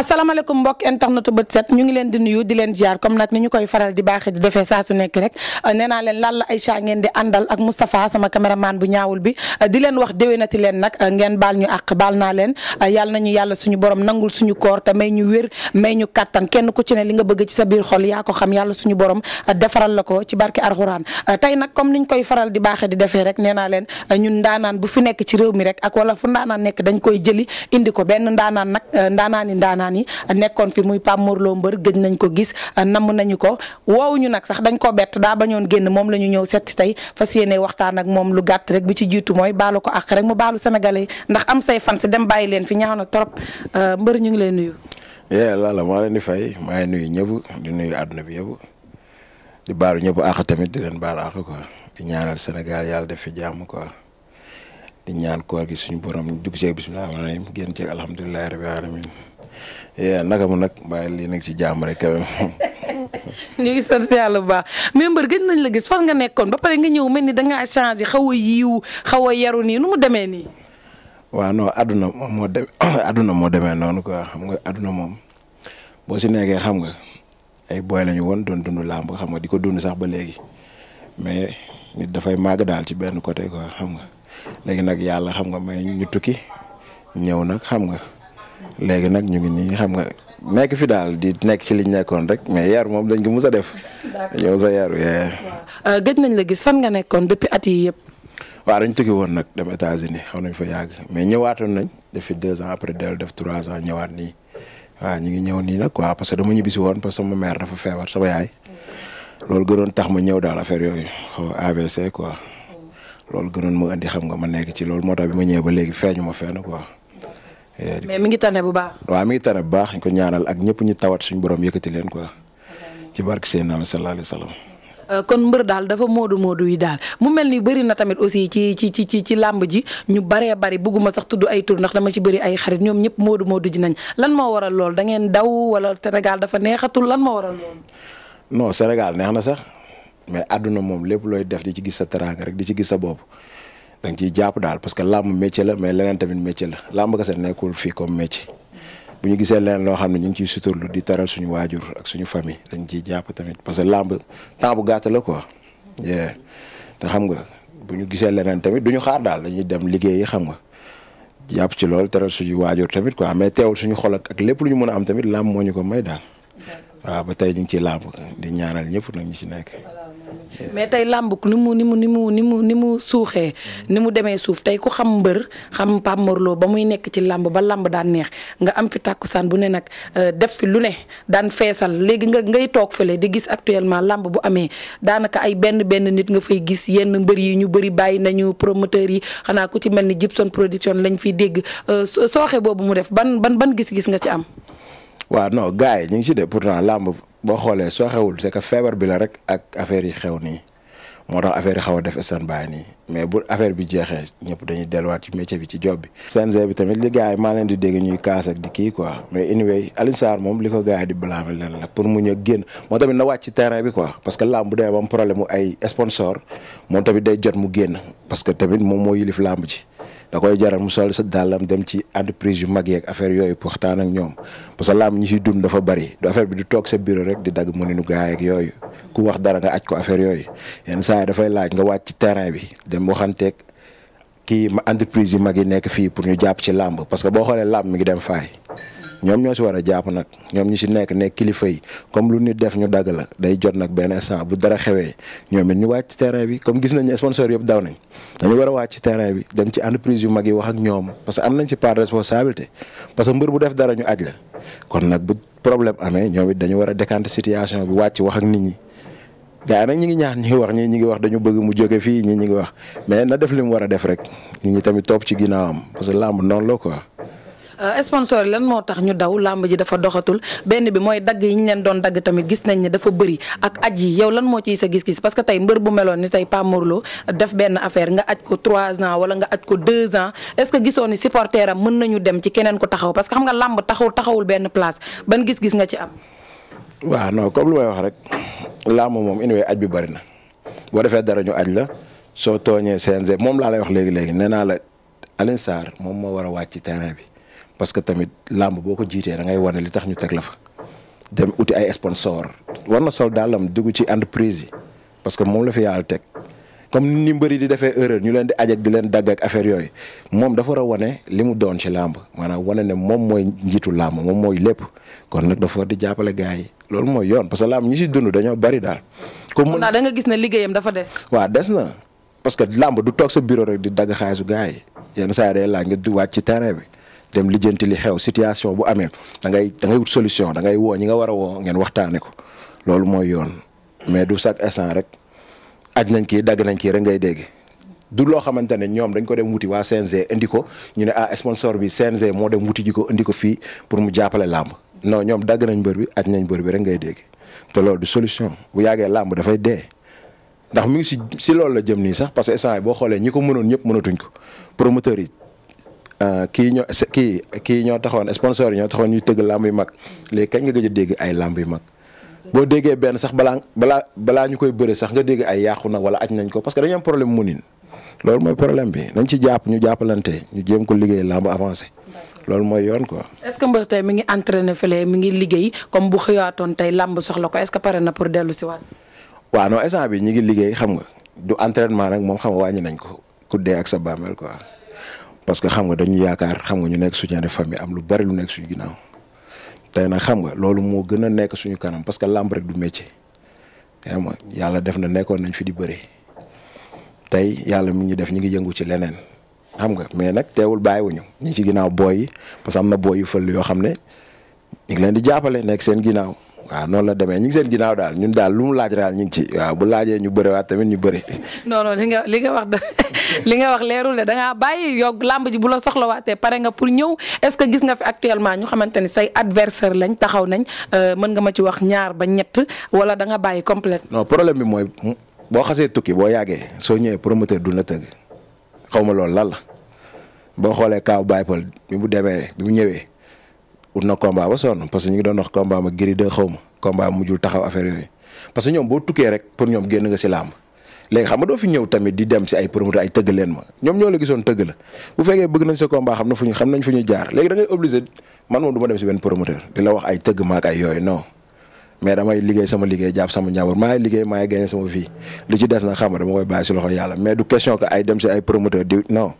asalaamaaleykum mbokk internetu bët set ñu ngi leen di nuyu di leen ziar comme nag ni ñu koy faral di baaxee di defee saa su nekk rek euh, nee naa leen Lalla Aïcha ngeen di àndal ak Moustapha sama caméraman bu ñaawul bi euh, di leen leen nag euh, ngeen baal ñu àq baal naa leen yàlla nañu yàlla suñu borom nangul suñu koor te may ñu wér may ñu kattan kenn ku ci ne li nga bëgg ci sa biir xol yaa ko xam yàlla suñu borom defaral la ko ci barke Alxuraan tey nag comme niñ koy faral di baaxee di defee rek nee naa leen ñun ndaanaan bu fi nekk ci réew mi rek ak wala fu ndaanaan nekk dañ koy jëli indi ko benn ndaanaan nag ndaanaan ndaanaan yi nekkoon fi muy pam Mor Lo Mbeur gëj nañ ko gis euh, namm nañu ko woowuñu nag sax dañ ko bett daa bañoon génn moom la ñu ñëw setti tey fas yéene waxtaan ak moom lu gàtt rek bi ci jiitu mooy baalu ko ak rek mu baalu sénégalais ndax am say fan dem bàyyi leen fi ñaaw na trop euh, Mbeur ñu ngi lay nuyu. yee eh, Lalla maa leen maa ngi nuyu ñëpp di àdduna bi yëpp di baalu ñëpp àq tamit di leen baal àq quoi di ñaanal yàlla def fi jàmm quoi di ñaan koor gi suñu borom dugg ci bismillah génn ci alhamdulillahi rabbil alamin naka mu nag waaye lii nag ci jàmm rek quand même. ñu bu baax mais mbër gëj nañ la gis fan nga nekkoon ba pare nga ñëw mel ni danga ngaa changé xaw a yiiw xaw a yaru nii nu mu demee nii. waaw no àdduna moo dem àdduna moo demee noonu quoi xam nga àdduna moom boo si nekkee xam nga ay booy lañu ñu woon doon dund làmb xam nga di ko dund sax ba léegi mais nit dafay màgg daal ci benn côté quoi xam nga léegi nag yàlla xam nga may ñu tukki ñëw nag xam nga. léegi nag ñu ngi nii xam nga nekk fi daal di nekk ci liñ nekkoon rek mais yaru moom dañ ko mus a def. yow sa yaru yee. Euh, gëj nañ la gis fan nga nekkoon depuis at yi yëpp. waa dañ tukki woon nag dem États-Unis xaw nañ fa yàgg mais ñëwaatoon nañ depuis deux ans après dellu def trois ans ñëwaat nii waaw ñu ngi ñëw nii nag quoi parce que dama ñibbisi woon parce que sama mère dafa feebar sama yaay. gënoon tax ma ñëw daal affaire yooyu xaw AVC quoi. Mm. loolu gënoon mu indi xam nga ma nekk ci loolu moo tax ma ñëwee ba léegi feeñu ma fenn quoi. mais mi ngi tane bu baax. waa mi ngi tane bu baax ñu ko ñaanal ak ñëpp ñu tawat suñu borom yëkkati leen quoi ci barke Seydina sallallahu alayhi wa sallam. Euh, kon mbër daal dafa moodu moodu yi daal mu mel ni bëri na tamit aussi ci ci ci ci ci làmb ji ñu baree bari bugguma sax tudd ay tur ndax dama ci bëri ay xarit ñoom ñëpp moodu moodu ji nañ lan moo waral lool dangeen ngeen daw wala Sénégal dafa neexatul lan moo waral lool. no Sénégal neex na sax mais àdduna moom lépp looy def di ci gis sa teraanga rek di ci gis sa bopp da nga jàpp daal parce que làmb métier la mais leneen tamit métier la làmb kese nekkul fii ko métier bu ñu gisee leneen loo xam ne ñu ngi ciy suturlu di taral suñu waajur ak famille dañ ciy jàpp tamit parce que làmb temps bu gàtt la te xam nga bu ñu gisee leneen tamit du ñu xaar daal dañuy dem liggéeyi xam nga jàpp ci loolu taral suñu waajur tamit quoi mais teewul suñu xol ak lépp lu ñu mën a am tamit làmb moo ñu ko may daal. waaw ba tey ñu ngi ci làmb di ñaanal ñëpp nag ñi ci nekk. mais tey làmb ni mu ni mu ni mu ni mu ni mu suuxee ni mu demee suuf tey ku xam mbër xam Pape Mor ba muy nekk ci làmb ba làmb daan neex nga am fi tàkkusaan bu ne nag euh, def fi lu ne daan feesal léegi nga ngay toog fële di gis actuellement làmb bu amee daanaka ay benn benn nit nga fay gis yenn mbër yi ñu bëri bàyyi nañu promoteurs yi xanaa ku ci mel ni Gibson Production lañ fiy dégg euh, sooxe boobu mu def ban ban ban gis-gis nga ci am waaw non gars yi ñu ngi si de pourtant làmb boo xoolee soo xewul c'est feebar bi la rek ak affaire yi xew nii moo tax affaire yi xaw a def standby nii mais bu affaire bi jeexee ñëpp dañuy delluwaat ci métier bi ci job bi. CNG bi tamit li gars maa leen di dégg ñuy kaas ak di kii quoi mais anyway Alioune Sarr moom li ko gars yi di blâmer leen la pour mu ñëw génn moo tamit na wàcc ci terrain bi quoi parce que lamb bu demee ba am problème mu ay sponsor moom tamit day jot mu génn parce que tamit moom moo yilif làmb ji. da koy jaral mu sol sa dàllam dem ci entreprise yu mag yeeg affaire yooyu pour waxtaan ak ñoom parce que làmb ñu ciy dund dafa bari du affaire bi du toog sa bureau rek di dagg mëninu gaay ak yooyu ku wax dara nga aj ko affaire yooyu yenn saa yi dafay laaj nga wàcc ci terrain bi dem waxanteeg kii entreprise yi mag yi nekk fii pour ñu jàpp ci làmb parce que boo xoolee làmb mi ngi dem faay ñoom ñoo si war a jàpp nag ñoom ñi ci nekk nekk kilifa yi comme lu nit def ñu dagg la day jot nag benn instant bu dara xewee ñoom ñu wàcc ci terrain bi comme gis nañ sponsor yëpp daw nañ dañu war a wàcc ci terrain bi dem ci entreprise yu mag yi wax ak ñoom parce que am nañ ci part de responsabilité parce que mbër bu def dara ñu aj la kon nag bu problème amee ñoom it dañu war a décanter situation bi wàcc wax ak nit ñi. gaa nag ñi ngi ñaan ñi ngi wax ñi ñi ngi wax dañu bëgg mu jóge fii ñi ñi ngi wax mais na def li mu war def rek nit ñi tamit topp ci ginnaawam parce que làmb noonu la quoi. Euh, sponsor yi lan moo tax ñu daw làmb ji dafa doxatul benn bi mooy dagg yi ñu leen doon dagg tamit gis nañ ne dafa bëri ak aj yi yow lan moo ci sa gis-gis parce que tey mbër bu meloon ni tey Pape Mor def benn affaire nga aj ko trois ans wala nga aj ko deux ans est-ce que gisoon ni supporter am mën nañu dem ci keneen ko taxaw parce que xam nga làmb taxaw taxawul benn place ban gis-gis nga ci am. waa non comme lu may wax rek làmb moom anyway aj bi bëri na boo defee dara ñu aj la soo tooñee moom laa lay wax léegi léegi nee naa la Alioune moom moo war a wàcc terrain bi parce que tamit làmb boo ko jiitee da ngay wane li tax ñu teg la fa dem uti ay sponsor war na sol daal daalam dugg ci entreprise yi parce que moom la fi yàlla teg comme ni mbëri di defee erreur ñu leen di ajak di leen dagg ak affaire yooyu moom dafa war a wane li mu doon ci làmb maanaam wane ne moom mooy njiitu làmb moom mooy lépp kon nag dafa war di jàppale gars yi loolu mooy yoon parce que làmb ñi si dund dañoo bari daal. comme naa da nga gis ne liggéeyam dafa des. waaw des na parce que làmb du toog sa bureau di dagg xaalisu gars yi yenn saa yi day laaj nga ci terrain bi. dem lijjanti li xew situation bu amee da ngay wut solution dangay ngay woo ñi nga war a woo ngeen waxtaane ko loolu mooy yoon mais du chaque instant rek aj nañ kii dagg nañ kii rek ngay dégg. du loo xamante ne ñoom dañ ko dem wuti waa CNG indi ko ñu ne ah sponsor bi CNG moo dem wuti ji ko indi ko fii pour mu jàppale làmb non ñoom dagg nañ mbër bi aj nañ mbër bi rek ngay dégg te loolu du solution bu yàggee làmb dafay dee. ndax mi ngi si si loolu la jëm nii sax parce que instant boo xoolee ñi ko mënoon ñëpp mënatuñ ko promoteurs yi Euh, kii ñoo kii kii ñoo taxoon sponsor yi ñoo taxoon ñuy tëgg lamb yu mag léegi kañ nga dégg ay làmb yu mag boo déggee benn sax balaa balaa balaa ñu koy bëre sax nga dégg ay yàqu na wala aj nañ ko parce que dañu am problème mu niin loolu mooy problème bi nañ ci jàpp ñu jàppalante ñu jëm ko liggéey làmb avancé loolu mooy yoon quoi. est ce que mbër tey mi ngi entraîné fële mi ngi liggéey comme bu xëyaatoon tey làmb soxla ko est ce que pare na pour dellu si waa waaw non instant ñu ngi liggéey xam nga du entraînement nag moom xam nga wàññi nañ ko ku dee ak sa bàmmeel quoi parce que xam nga dañu yaakaar xam nga ñu nekk soutien de famille am lu bari lu nekk suñu ginnaaw tey nag xam nga loolu moo gën a nekk suñu kanam parce que làmb rek du métier xam nga yàlla def na nekkoon nañ fi di bëri tey yàlla mu ñu def ñu ngi yëngu ci leneen xam nga mais nag teewul bàyyiwuñu ñi ci ginnaaw booy yi parce que am na booy yu fël yoo xam ne ñu ngi leen di jàppale nekk seen ginnaaw. waaw noonu la demee ñu ngi seen ginnaaw daal ñun daal lu mu laaj daal ñu ngi ci bu laajee ñu bëri waat tamit ñu bëri. non non li nga wax da li nga wax leerul de da bàyyi yokk làmb ji bu la soxlawaatee pare nga pour ñëw est-ce que gis nga fi actuellement ñu xamante ni say adversaire lañ taxaw nañ euh, mën nga ma ci wax ñaar ba ñett wala da nga bàyyi complète. non problème bi mooy boo xasee tukki boo yàggee soo ñëwee promoteur du la tëgg xaw ma loolu lan boo xoolee Kaaw Baye Paul bi mu demee bi mu ñëwee ut na combat ba sonn parce que ñu ngi doon wax combat ma Gris 2 xaw ma combat mujjul taxaw affaire yooyu parce que ñoom boo tukkee rek pour ñoom génn nga si làmb léegi xam nga doo fi ñëw tamit di la ma dem si benn promoteur wax ay tëgg maak ay yooyu non mais damay liggéey sama liggéey jàpp sama njaboot maay liggéey maay gagné sama vie li ci des nag xam nga dama koy bàyyi si loxo yàlla mais du question que ay dem si ay promoteur di non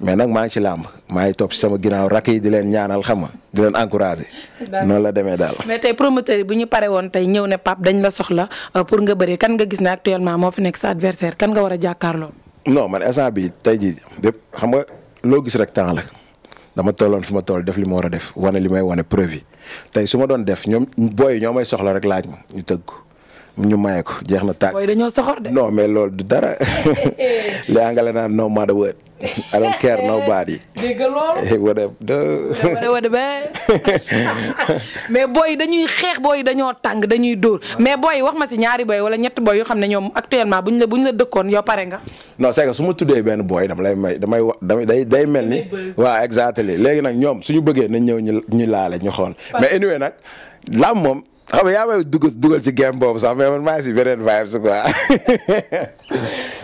mais nag maa ngi ci làmb maa ngi topp ci sama ginnaaw rakk yi di leen ñaanal xam nga di leen encouragé. noonu la demee daal. mais tey promoteur yi bu ñu pare woon tey ñëw ne Pape dañ la soxla euh, pour nga bëri kan nga gis ne actuellement moo fi nekk sa adversaire kan nga war a jàkkaarloo. non man instant bi tey jii bépp xam nga loo gis rek temps la dama tolloon fi ma toll def li ma war a def wane li may wane preuve yi tey su ma doon def ñoom booy ñoo may soxla rek laaj ma ñu tëgg ñu maye ko jeex na tàkk. booy dañoo soxor de. non loolu du dara li angale naan no matter what I don't care nobody. dégg nga loolu. wala wala wala mais booy yi dañuy xeex booy yi dañoo tàng dañuy dóor mais booy wax ma si ñaari booy wala ñetti booy yoo xam ne ñoom actuellement buñ la buñ la dëkkoon yow pare nga. non c'est su ma tuddee benn booy dama lay may damay wax damay day day mel ni. waa exactement léegi nag ñoom suñu bëggee nañ ñëw ñu ñu laale ñu xool. mais anyway nag laam moom. xam nga yaa may dugal ci game boobu sax mais man maa ngi si beneen vibe su quoi.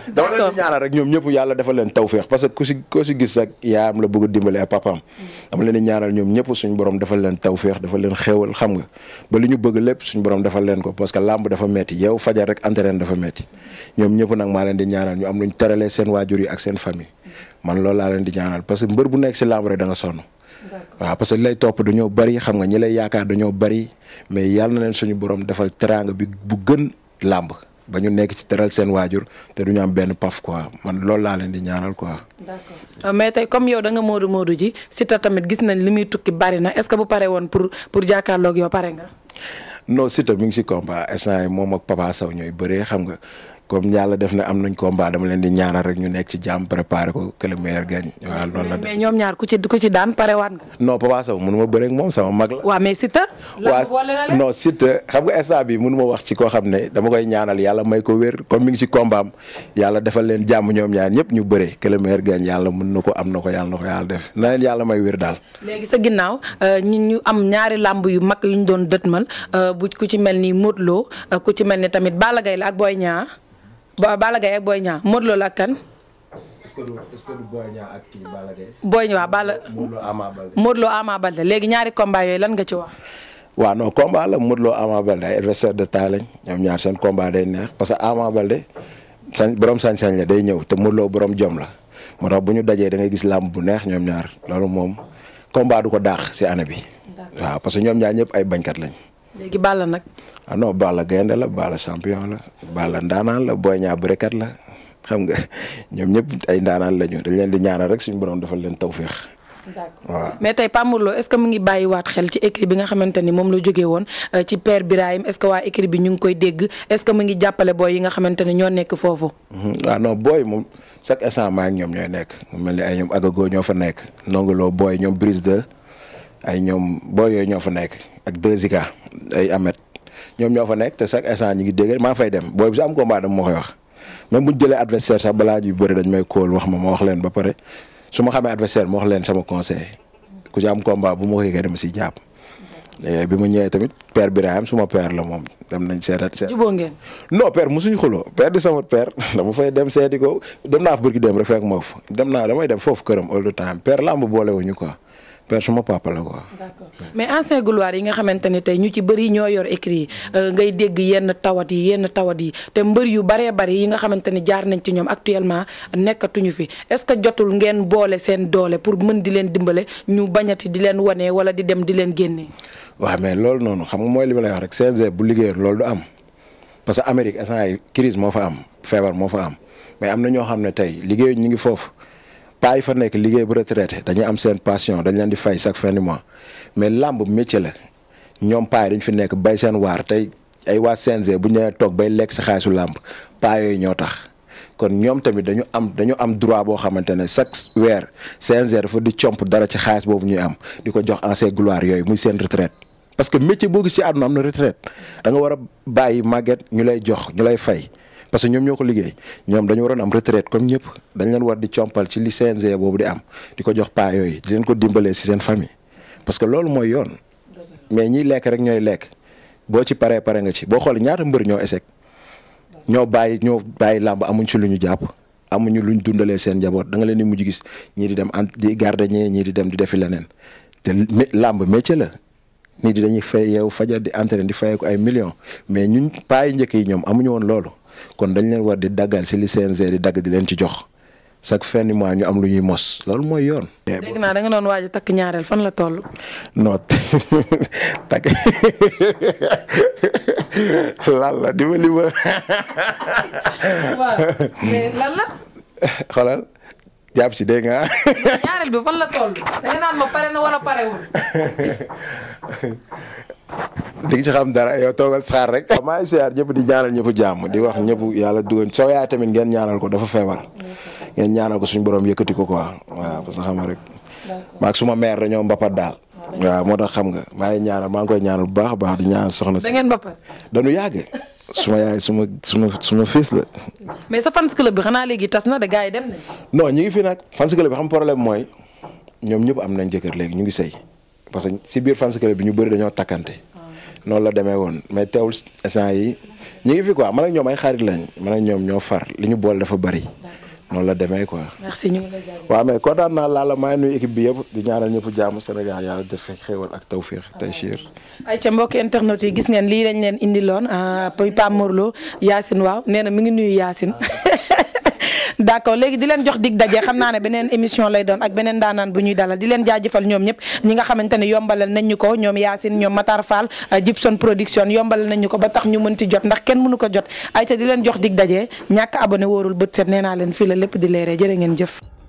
dama leen di ñaanal rek ñoom ñëpp yàlla dafa leen tawféex parce que ku si ku si gis rek la bëgg a dimbali ak papaam. Mm-hmm. dama leen di suñu borom dafa leen tawféex dafa leen xéewal xam nga ba lu ñu bëgg lépp suñ borom dafa leen ko parce que làmb dafa metti yow fajar rek entraîne dafa metti ñoom ñëpp nag maa leen di ñaanal ñu am lu ñu seen waajur yi ak seen famille. Mm-hmm. man loolu leen di ñaanal parce que mbër bu nekk si làmb rek da sonn waaw parce que li lay topp dañoo bari xam nga ñi lay yaakaar dañoo bari mais yàlla na leen suñu borom defal teraanga bi bu gën làmb ba ñu nekk ci teral seen waajur te du ñu am benn paf quoi man loolu laa leen di ñaanal quoi. d'accord euh, mais te comme yow da nga Modou Modou ji Siteu tamit gis nañ li muy tukki bari na est-ce que bu pare woon pour pour jàkkaarloog yow pare nga. non Siteu mi ngi si combat instant yi moom ak Papa ñooy bëree xam nga comme yàlla def na am nañ combat dama leen di ñaanal rek ñu nekk ci jàmm préparé ko que le meilleur gagne waaw noonu la. mais ñoom ñaar ku ci ku ci daan parewaat nga. non Papa Sow mënuma bëre ak moom sama mag la. waaw mais Siteu. la boole non Siteu xam nga instant bi mënuma wax ci yàlla defal leen jàmm ñoom ñaar ñëpp ñu bëre que le yàlla may wér daal. léegi sa ginnaaw euh, ñu am ñaari làmb yu mag yu doon dëtmal euh, bu ku ci mel ni Modou euh, ku ci mel ni tamit Balla Gaye la ak Boy Niang ba Balla Gaye ak Boy Niang la ak kan. ak kii Boy Niang Balla Modou Lo Ama Baldé. ñaari combat yooyu lan nga ci wax. waaw non combat la Modou Lo Ama Baldé ay adversaire de taille lañ ñoom ñaar seen combat day neex parce que Ama Baldé sañ borom sañ-sañ la day ñëw te Modou Lo borom jom la moo bu ñu dajee da ngay gis làmb bu neex ñoom ñaar loolu moom combat du ko daax si année bi. waaw parce que ñoom ñaar ñëpp ay bañkat lañ. léegi Balla nag. ah non Balla gaynde la Balla champion la Balla ndaanaan la Boy Niang bërekat la xam nga ñoom ñëpp ay ndaanaan lañu dañ leen di ñaanal rek suñu borom defal leen tawféex. d'accord waaw mais tey Pape Mor Lo est-ce que mu ngi bàyyiwaat xel ci écrit bi nga xamante ni moom la jógee woon euh, ci père Birahim est-ce que waa écrit bi ñu ngi koy dégg est-ce que ngi jàppale booy yi nga xamante ne ñoo nekk foofu. waaw mm-hmm. ah booy moom chaque instant maa ñoom ñooy nekk mel ni ay ñoom agago ñoo fa nekk loo booy ñoom brise ay ñoom booy yooy ñoo fa nekk ak 2 Zika ay Amet ñoom ñoo fa nekk te chaque instant ñu ngi dégg maa fay dem booy bi si am combat dama ma koy wax même bu jëlee adversaire sax balaaj ñuy bëri dañ may kool wax ma ma wax leen ba pare su ma xamee adversaire ma wax leen sama conseil ku ci am combat bu ma ko yëgee dama siy jàpp. Eh, bi ma ñëwee tamit père Birahim suma père la moom dem nañ seetat seet. jubóo ngeen. non père mosuñu xuloo père di sama père dama fay dem seeti ko dem naa fa bëgg dem rek fekk ma fa dem naa damay dem foofu këram all the time père làmb boolewuñu quoi. père sama papa la quoi. d'accord mais ancien gloire yi nga xamante ne tey ñu ci bëri ñoo yor écrit yi euh, ngay dégg yenn tawat yi yenn tawat yi te mbër yu baree bari yi nga xamante ne jaar nañ ci ñoom actuellement nekkatuñu fi est-ce que jotul ngeen boole seen doole pour mën di leen dimbale ñu bañati di leen wane wala di dem di leen génne. waaw mais loolu noonu xam nga mooy li ma lay wax rek CNG bu liggéeyul loolu du am parce que Amérique instant yii crise moo fa am feebar moo fa am mais am na ñoo xam ne tey liggéey ñu ngi foofu paa yi fa nekk liggéey bu retraité dañuy am seen passion dañ leen di fay chaque fin du mais làmb métier la ñoom paa yi dañ fi nekk bay seen waar tey ay waa CNG bu ñu nee toog bay lekk sa xaalisu làmb paa yooyu ñoo tax. kon ñoom tamit dañu am dañu am droit boo xamante ne chaque weer CNG dafa di comp dara ci xaalis boobu ñuy am di ko jox ancienne gloire yooyu muy seen retraite. parce que métier boo gis ci àdduna am na retraite danga nga war a bàyyi màgget ñu lay jox ñu lay fay. parce que ñoom ñoo ko liggéey ñoom dañu waroon am retraite comme ñëpp dañ leen war di compal ci li CNG boobu di am di ko jox paa yooyu di leen ko dimbalee si seen famille parce que loolu mooy yoon mais ñiy lekk rek ñooy lekk boo ci paree pare nga ci boo xool ñaata mbër ñoo échec ñoo bàyyi ñoo bàyyi làmb amuñ ci lu ñu jàpp amuñu luñ dundalee seen njaboot da nga leen di mujj gis ñii di dem en di garder ñii ñii di dem di defi leneen te làmb métier la nit di dañuy fay yeewu fajar di entraîné di fayee ko ay millions mais ñun paa yu njëkk yi ñoom amuñu woon loolu. kon dañ leen war di daggal si li CNG di dagg di leen ci jox chaque fen du mois ñu am lu ñuy mos loolu mooy yoon. Eh, dégg naa da nga doon waaj takk ñaareel fan la toll. non takk ma li ma. waaw mais jàpp si dégg pare na di nga ci xam dara yow toogal xaar rek. waaw maa ngi siyaar ñëpp di ñëpp jàmm di wax ñëpp yàlla dugal soo yaay tamit ngeen ñaanal ko dafa feebar. ngeen ñaanal ko suñu borom yëkkati ko ko waaw parce que xam nga rek. maak suma mère dañoo mbapat daal. waaw moo tax xam nga maa ngi ñaanal maa ngi koy ñaanal bu baax a baax di ñaanal soxna si. da ngeen mbapat. dañu yàgg suma yaay suma suma suma fils la. mais sa fans club bi xanaa léegi tas na de yi dem nañ. ñu ngi fi nag fans club bi xam problème mooy ñoom ñëpp am nañ jëkkër léegi ñu ngi sëy parce que si biir fans club bi ñu bëri dañoo takkante noonu la demee woon mais teewul instant yi ñu ngi fi quoi man ak ñoom ay xarit lañ man ak ñoom ñoo far li ñu boole dafa bëri noonu la demee quoi. merci ñu ngi lay waaw mais kontaan naa laala maa ngi nuyu équipe bi yëpp di ñaanal ñëpp jaamu Sénégal yàlla def fekk ak tawféex ah, taysiir. ay ca mbokk internet yi gis ngeen lii lañ leen indiloon ah, Pape Mor Lo Yacine waaw nee na mi ngi nuyu Yacine. Ah, d'accord léegi di leen jox dig daje xam naa ne beneen émission lay doon ak beneen daanaan bu ñuy dalal di leen jaajëfal ñoom ñëpp ñi nga xamante ne yombalal nañ ñu ko ñoom Yacine ñoom Matar Fall euh, Gibson production yombalal nañ ñu ko ba tax ñu mën ci jot ndax kenn mënu ko jot ay te di leen jox dig daje ñàkk abonné wóorul bët set nee naa leen fii la di leeree jërë ngeen jëf